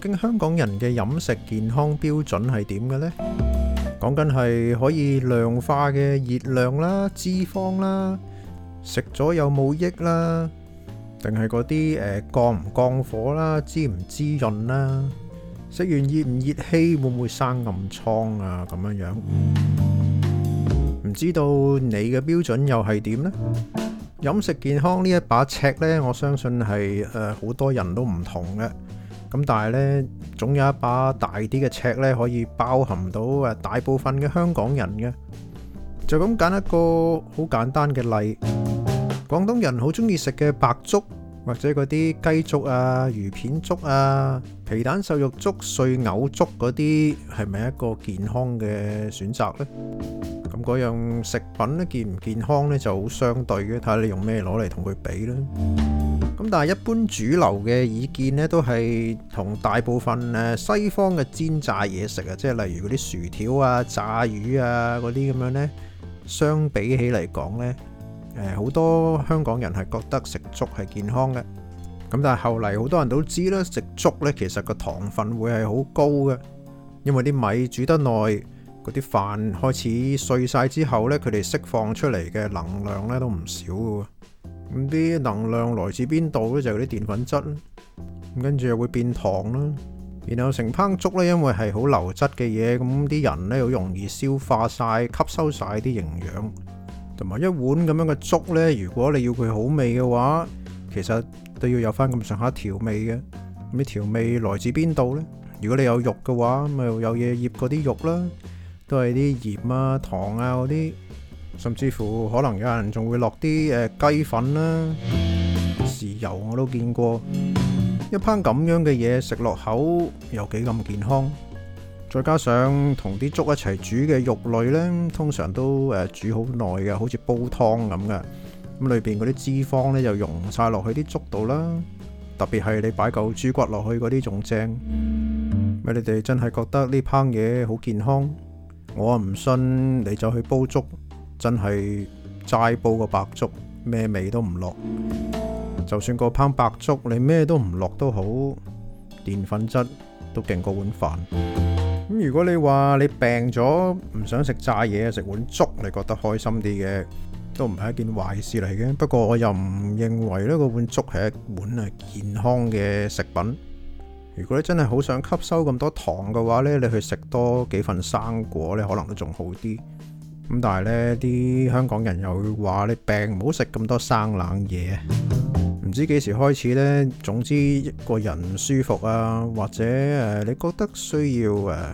究竟香港人嘅飲食健康標準係點嘅呢？講緊係可以量化嘅熱量啦、脂肪啦、食咗有冇益啦，定係嗰啲誒降唔降火啦、滋唔滋潤啦、食完熱唔熱氣，會唔會生暗瘡啊？咁樣樣，唔知道你嘅標準又係點呢？飲食健康呢一把尺呢，我相信係誒好多人都唔同嘅。咁但係呢，總有一把大啲嘅尺呢，可以包含到誒大部分嘅香港人嘅。就咁揀一個好簡單嘅例，廣東人好中意食嘅白粥，或者嗰啲雞粥啊、魚片粥啊、皮蛋瘦肉粥、碎藕粥嗰啲，係咪一個健康嘅選擇呢？咁嗰樣食品呢，健唔健康呢？就好相對嘅，睇下你用咩攞嚟同佢比呢？咁但係一般主流嘅意見咧，都係同大部分誒西方嘅煎炸嘢食啊，即係例如嗰啲薯條啊、炸魚啊嗰啲咁樣咧，相比起嚟講咧，誒好多香港人係覺得食粥係健康嘅。咁但係後嚟好多人都知啦，食粥咧其實個糖分會係好高嘅，因為啲米煮得耐，嗰啲飯開始碎晒之後咧，佢哋釋放出嚟嘅能量咧都唔少嘅喎。咁啲能量來自邊度呢？就係嗰啲澱粉質啦。咁跟住又會變糖啦。然後成烹粥呢，因為係好流質嘅嘢，咁啲人呢好容易消化曬、吸收曬啲營養。同埋一碗咁樣嘅粥呢，如果你要佢好味嘅話，其實都要有翻咁上下調味嘅。咁啲調味來自邊度呢？如果你有肉嘅話，咪有嘢醃嗰啲肉啦，都係啲鹽啊、糖啊嗰啲。甚至乎可能有人仲會落啲誒雞粉啦、豉油，我都見過，一烹咁樣嘅嘢食落口，又幾咁健康。再加上同啲粥一齊煮嘅肉類呢，通常都誒煮好耐嘅，好似煲湯咁嘅，咁裏邊嗰啲脂肪呢就溶晒，落去啲粥度啦。特別係你擺嚿豬骨落去嗰啲仲正。咪你哋真係覺得呢烹嘢好健康，我啊唔信你就去煲粥。真係齋煲個白粥，咩味都唔落。就算個烹白粥你咩都唔落都好，澱粉質都勁過碗飯。咁如果你話你病咗唔想食炸嘢，食碗粥你覺得開心啲嘅，都唔係一件壞事嚟嘅。不過我又唔認為呢個碗粥係一碗係健康嘅食品。如果你真係好想吸收咁多糖嘅話呢，你去食多幾份生果呢，可能都仲好啲。咁但係呢啲香港人又會話：你病唔好食咁多生冷嘢。唔知幾時開始呢？總之一個人唔舒服啊，或者誒你覺得需要誒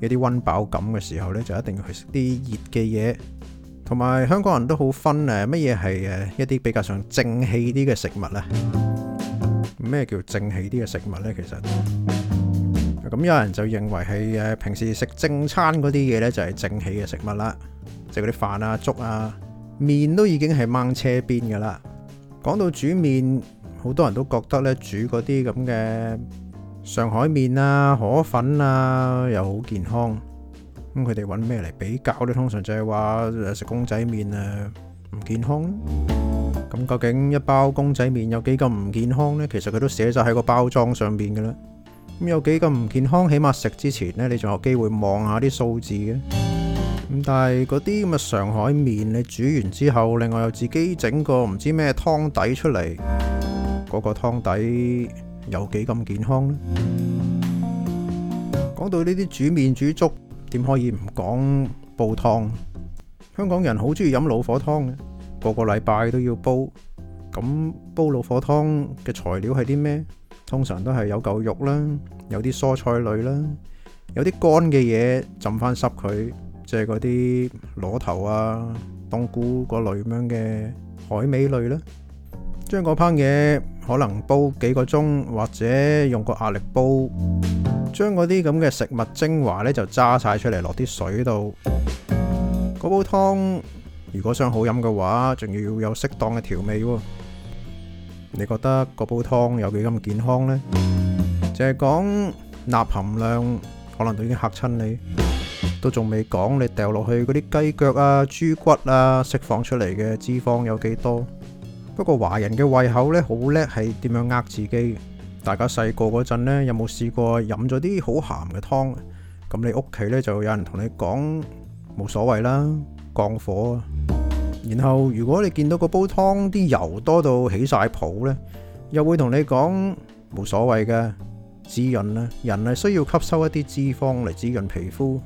一啲温飽感嘅時候呢，就一定要去食啲熱嘅嘢。同埋香港人都好分誒，乜嘢係誒一啲比較上正氣啲嘅食物呢啊？咩叫正氣啲嘅食物呢？其實咁有人就認為係誒平時食正餐嗰啲嘢呢，就係正氣嘅食物啦。食嗰啲飯啊、粥啊、麵都已經係掹車邊嘅啦。講到煮麵，好多人都覺得咧煮嗰啲咁嘅上海麵啊、河粉啊又好健康。咁佢哋揾咩嚟比較咧？通常就係話食公仔麵啊唔健康。咁究竟一包公仔麵有幾咁唔健康咧？其實佢都寫咗喺個包裝上邊嘅啦。咁有幾咁唔健康？起碼食之前咧，你仲有機會望下啲數字嘅。咁但係嗰啲咁嘅上海麵，你煮完之後，另外又自己整個唔知咩湯底出嚟，嗰個湯底有幾咁健康呢？講到呢啲煮麵煮粥，點可以唔講煲湯？香港人好中意飲老火湯嘅，個個禮拜都要煲。咁煲老火湯嘅材料係啲咩？通常都係有嚿肉啦，有啲蔬菜類啦，有啲乾嘅嘢浸翻濕佢。即係嗰啲螺頭啊、冬菇嗰類咁樣嘅海味類啦，將嗰班嘢可能煲幾個鐘，或者用個壓力煲，將嗰啲咁嘅食物精華呢，就揸晒出嚟落啲水度。嗰煲湯如果想好飲嘅話，仲要有適當嘅調味。你覺得嗰煲湯有幾咁健康呢？就係講鈉含量，可能都已經嚇親你了。都仲未講，你掉落去嗰啲雞腳啊、豬骨啊，釋放出嚟嘅脂肪有幾多？不過華人嘅胃口呢，好叻係點樣呃自己的。大家細個嗰陣呢，有冇試過飲咗啲好鹹嘅湯？咁你屋企呢，就有人同你講冇所謂啦，降火啊。然後如果你見到個煲湯啲油多到起晒泡呢，又會同你講冇所謂嘅滋潤啦。人係需要吸收一啲脂肪嚟滋潤皮膚。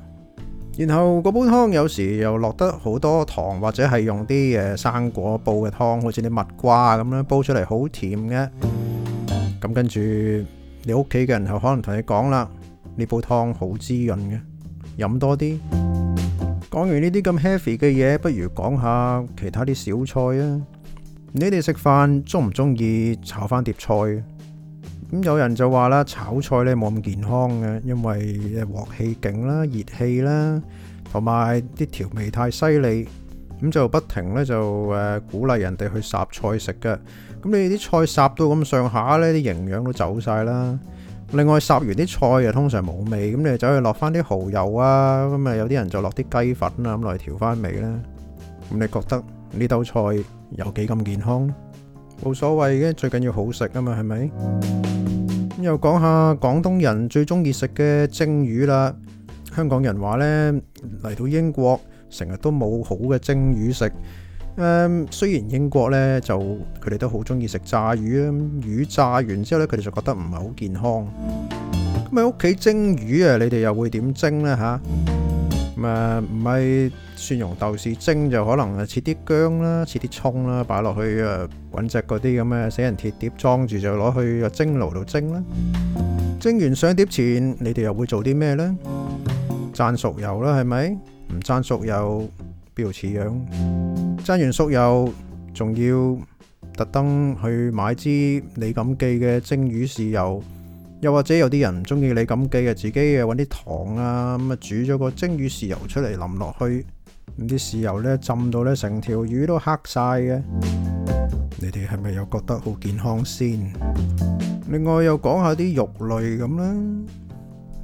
然後嗰煲湯有時又落得好多糖，或者係用啲誒生果煲嘅湯，好似啲蜜瓜啊咁樣，煲出嚟好甜嘅。咁跟住你屋企嘅人就可能同你講啦，呢煲湯好滋潤嘅，飲多啲。講完呢啲咁 heavy 嘅嘢，不如講下其他啲小菜啊。你哋食飯中唔中意炒翻碟菜？咁有人就話啦，炒菜咧冇咁健康嘅，因為鑊氣勁啦、熱氣啦，同埋啲調味太犀利，咁就不停咧就誒鼓勵人哋去霎菜食㗎。咁你啲菜霎到咁上下咧，啲營養都走曬啦。另外霎完啲菜又通常冇味，咁你走去落翻啲蠔油啊，咁啊有啲人就落啲雞粉啊，咁落去調翻味啦。咁你覺得呢兜菜有幾咁健康？冇所謂嘅，最緊要好食啊嘛，係咪？又講下廣東人最中意食嘅蒸魚啦。香港人話呢，嚟到英國成日都冇好嘅蒸魚食。誒、嗯，雖然英國呢，就佢哋都好中意食炸魚啊，魚炸完之後呢，佢哋就覺得唔係好健康。咁喺屋企蒸魚啊，你哋又會點蒸呢？吓、啊？咁唔係。蒜蓉豆豉蒸就可能啊，切啲薑啦，切啲葱啦，擺落去啊，搵隻嗰啲咁嘅死人鐵碟裝住就攞去個蒸爐度蒸啦。蒸完上碟前，你哋又會做啲咩呢？灒熟油啦，係咪？唔灒熟油邊度似樣？灒完熟油，仲要特登去買支李錦記嘅蒸魚豉油，又或者有啲人唔中意李錦記嘅，自己啊揾啲糖啊咁啊煮咗個蒸魚豉油出嚟淋落去。啲豉油呢浸到呢成條魚都黑晒嘅，你哋係咪又覺得好健康先？另外又講下啲肉類咁啦，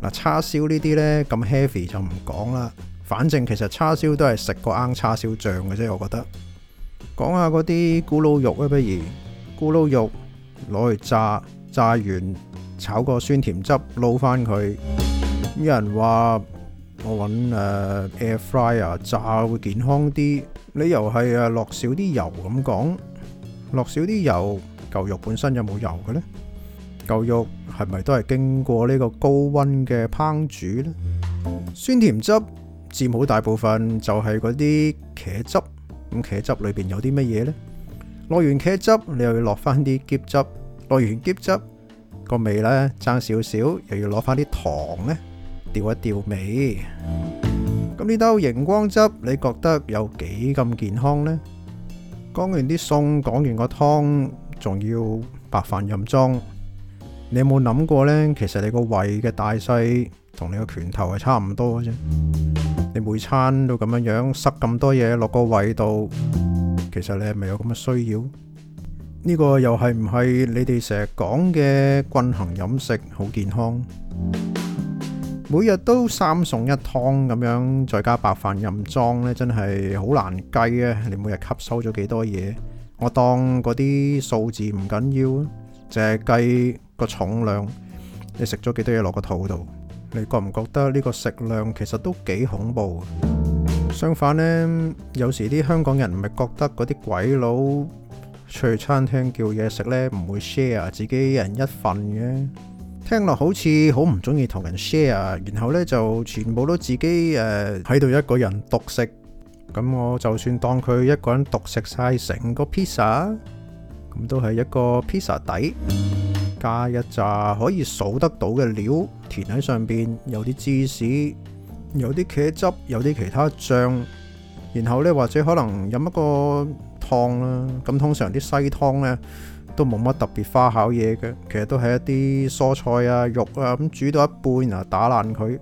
嗱叉燒呢啲呢，咁 heavy 就唔講啦，反正其實叉燒都係食個罌叉燒醬嘅啫，我覺得。講下嗰啲咕嚕肉啦、啊，不如咕嚕肉攞去炸，炸完炒個酸甜汁撈翻佢。有人話。我揾誒、呃、Air Fryer 炸會健康啲，你又係誒落少啲油咁講，落少啲油。牛肉本身有冇油嘅呢？牛肉係咪都係經過呢個高溫嘅烹煮呢？酸甜汁佔好大部分，就係嗰啲茄汁。咁茄汁裏邊有啲乜嘢呢？落完茄汁，你又要落翻啲喼汁。落完喼汁，個味呢，爭少少，又要攞翻啲糖呢。調一調味，咁呢兜熒光汁你覺得有幾咁健康呢？講完啲餸，講完個湯，仲要白飯任裝，你有冇諗過呢？其實你個胃嘅大細同你個拳頭係差唔多嘅啫。你每餐都咁樣樣塞咁多嘢落個胃度，其實你係咪有咁嘅需要？呢個又係唔係你哋成日講嘅均衡飲食好健康？每日都三餸一湯咁樣，再加白飯任裝呢，真係好難計啊！你每日吸收咗幾多嘢？我當嗰啲數字唔緊要，淨係計個重量。你食咗幾多嘢落個肚度？你覺唔覺得呢個食量其實都幾恐怖？相反呢，有時啲香港人唔係覺得嗰啲鬼佬出去餐廳叫嘢食呢，唔會 share 自己一人一份嘅。聽落好似好唔中意同人 share，然後呢就全部都自己喺度、呃、一個人獨食。咁我就算當佢一個人獨食晒成個 pizza，咁都係一個 pizza 底加一揸可以數得到嘅料填喺上面，有啲芝士，有啲茄汁，有啲其他醬。然後呢或者可能飲一個湯啦。咁通常啲西湯呢。都冇乜特別花巧嘢嘅，其實都係一啲蔬菜啊、肉啊咁煮到一半，然後打爛佢。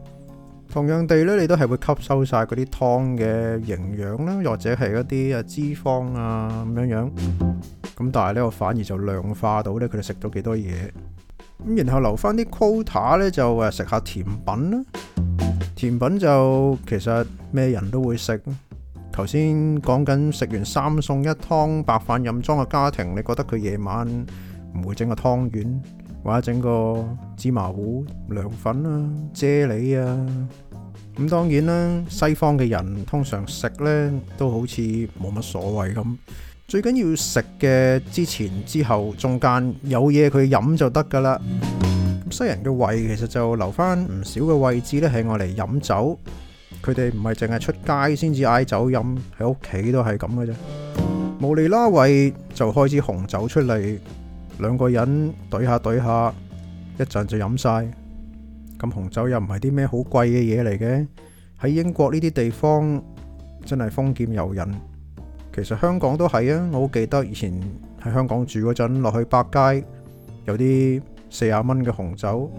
同樣地咧，你都係會吸收晒嗰啲湯嘅營養啦，或者係一啲啊脂肪啊咁樣樣。咁但係咧，我反而就量化到咧佢哋食到幾多嘢。咁然後留翻啲 quota 咧，就誒食下甜品啦。甜品就其實咩人都會食。頭先講緊食完三餸一湯白飯任裝嘅家庭，你覺得佢夜晚唔會整個湯圓，或者整個芝麻糊、涼粉啦、啊、啫喱啊？咁、嗯、當然啦，西方嘅人通常食呢都好似冇乜所謂咁，最緊要食嘅之前、之後、中間有嘢佢飲就得㗎喇。西人嘅胃其實就留返唔少嘅位置呢，係我嚟飲酒。佢哋唔係淨係出街先至嗌酒飲，喺屋企都係咁嘅啫。無釐啦位就開支紅酒出嚟，兩個人對下對下一陣就飲晒。咁紅酒又唔係啲咩好貴嘅嘢嚟嘅，喺英國呢啲地方真係豐儉由人。其實香港都係啊，我好記得以前喺香港住嗰陣，落去百佳有啲四十蚊嘅紅酒，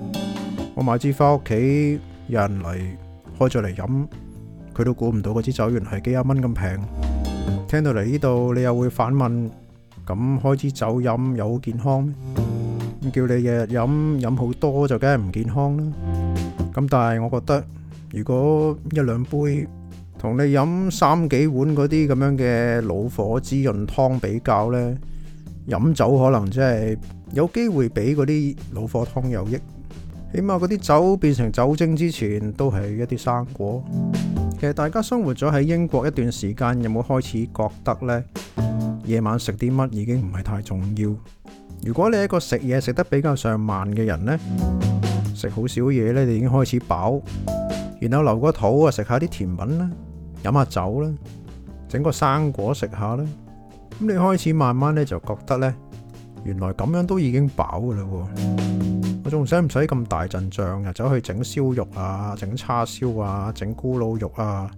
我買支返屋企，有人嚟。開咗嚟飲，佢都估唔到嗰支酒原來係幾廿蚊咁平。聽到嚟呢度，你又會反問：咁開支酒飲有健康？咁叫你日日飲飲好多就梗係唔健康啦。咁但係我覺得，如果一兩杯同你飲三幾碗嗰啲咁樣嘅老火滋潤湯比較呢，飲酒可能真係有機會比嗰啲老火湯有益。起碼嗰啲酒變成酒精之前，都係一啲生果。其實大家生活咗喺英國一段時間，有冇開始覺得呢？夜晚食啲乜已經唔係太重要。如果你一個食嘢食得比較上慢嘅人呢，食好少嘢呢，你已經開始飽。然後留個肚啊，食下啲甜品啦，飲下酒啦，整個生果食下啦。咁你開始慢慢咧，就覺得呢，原來咁樣都已經飽噶啦喎。我仲使唔使咁大陣仗啊？走去整燒肉啊，整叉燒啊，整咕嚕肉啊，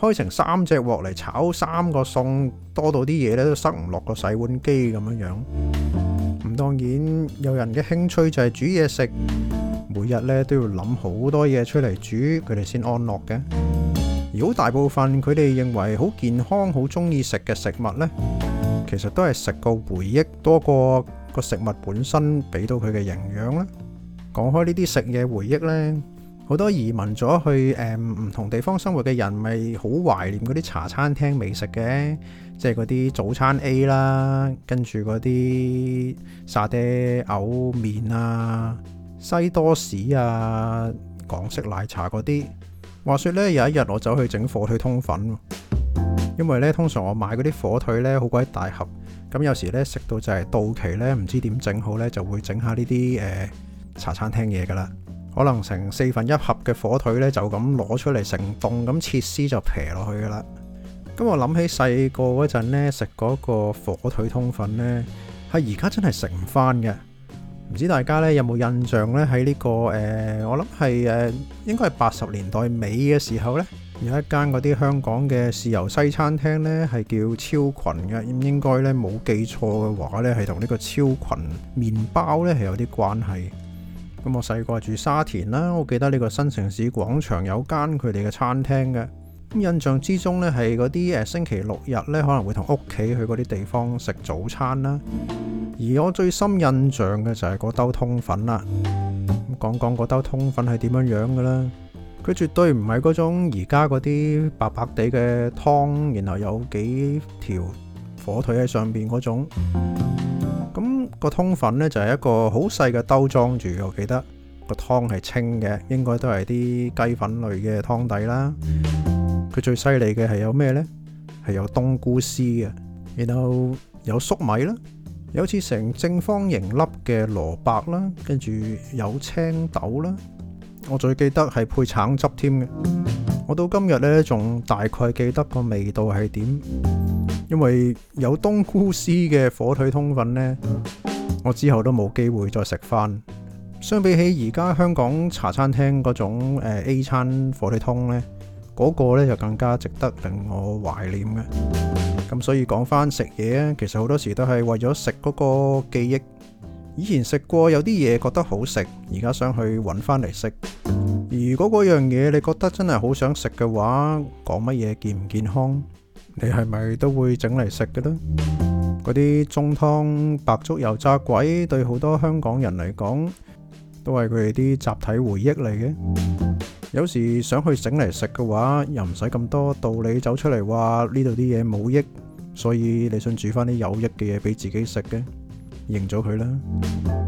開成三隻鑊嚟炒三個餸，多到啲嘢咧都塞唔落個洗碗機咁樣樣。唔，當然有人嘅興趣就係煮嘢食，每日咧都要諗好多嘢出嚟煮，佢哋先安樂嘅。而好大部分佢哋認為好健康、好中意食嘅食物呢，其實都係食個回憶多過個食物本身俾到佢嘅營養啦。講開呢啲食嘢回憶呢，好多移民咗去誒唔同地方生活嘅人，咪好懷念嗰啲茶餐廳美食嘅，即係嗰啲早餐 A 啦，跟住嗰啲沙爹牛麵啊、西多士啊、港式奶茶嗰啲。話說呢，有一日我走去整火腿通粉，因為呢，通常我買嗰啲火腿呢好鬼大盒，咁有時呢，食到就係到期呢，唔知點整好呢，就會整下呢啲誒茶餐廳嘢噶啦，可能成四分一盒嘅火腿呢，就咁攞出嚟成棟咁切絲就劈落去噶啦。咁我諗起細個嗰陣呢，食嗰個火腿通粉呢，係而家真係食唔翻嘅。唔知大家呢有冇印象呢？喺呢個、呃、我諗係誒應該係八十年代尾嘅時候呢，有一間嗰啲香港嘅豉油西餐廳呢，係叫超群嘅。咁應該呢冇記錯嘅話呢係同呢個超群麵包呢係有啲關係。咁我細個住沙田啦，我記得呢個新城市廣場有間佢哋嘅餐廳嘅。咁印象之中呢係嗰啲誒，星期六日呢可能會同屋企去嗰啲地方食早餐啦。而我最深印象嘅就係嗰兜通粉啦。咁講講嗰兜通粉係點樣樣嘅啦？佢絕對唔係嗰種而家嗰啲白白地嘅湯，然後有幾條火腿喺上邊嗰種。個通粉呢，就係一個好細嘅兜裝住嘅，我記得個湯係清嘅，應該都係啲雞粉類嘅湯底啦。佢最犀利嘅係有咩呢？係有冬菇絲嘅，然後有粟米啦，有好似成正方形粒嘅蘿蔔啦，跟住有青豆啦。我最記得係配橙汁添嘅。我到今日呢，仲大概記得個味道係點。因為有冬菇絲嘅火腿通粉呢，我之後都冇機會再食翻。相比起而家香港茶餐廳嗰種誒、呃、A 餐火腿通呢，嗰、那個呢就更加值得令我懷念嘅。咁所以講翻食嘢咧，其實好多時都係為咗食嗰個記憶。以前食過有啲嘢覺得好食，而家想去揾翻嚟食。如果嗰樣嘢你覺得真係好想食嘅話，講乜嘢健唔健康？你係咪都會整嚟食嘅呢？嗰啲中湯、白粥、油炸鬼，對好多香港人嚟講，都係佢哋啲集體回憶嚟嘅。有時想去整嚟食嘅話，又唔使咁多道理走出嚟話呢度啲嘢冇益，所以你想煮翻啲有益嘅嘢俾自己食嘅，認咗佢啦。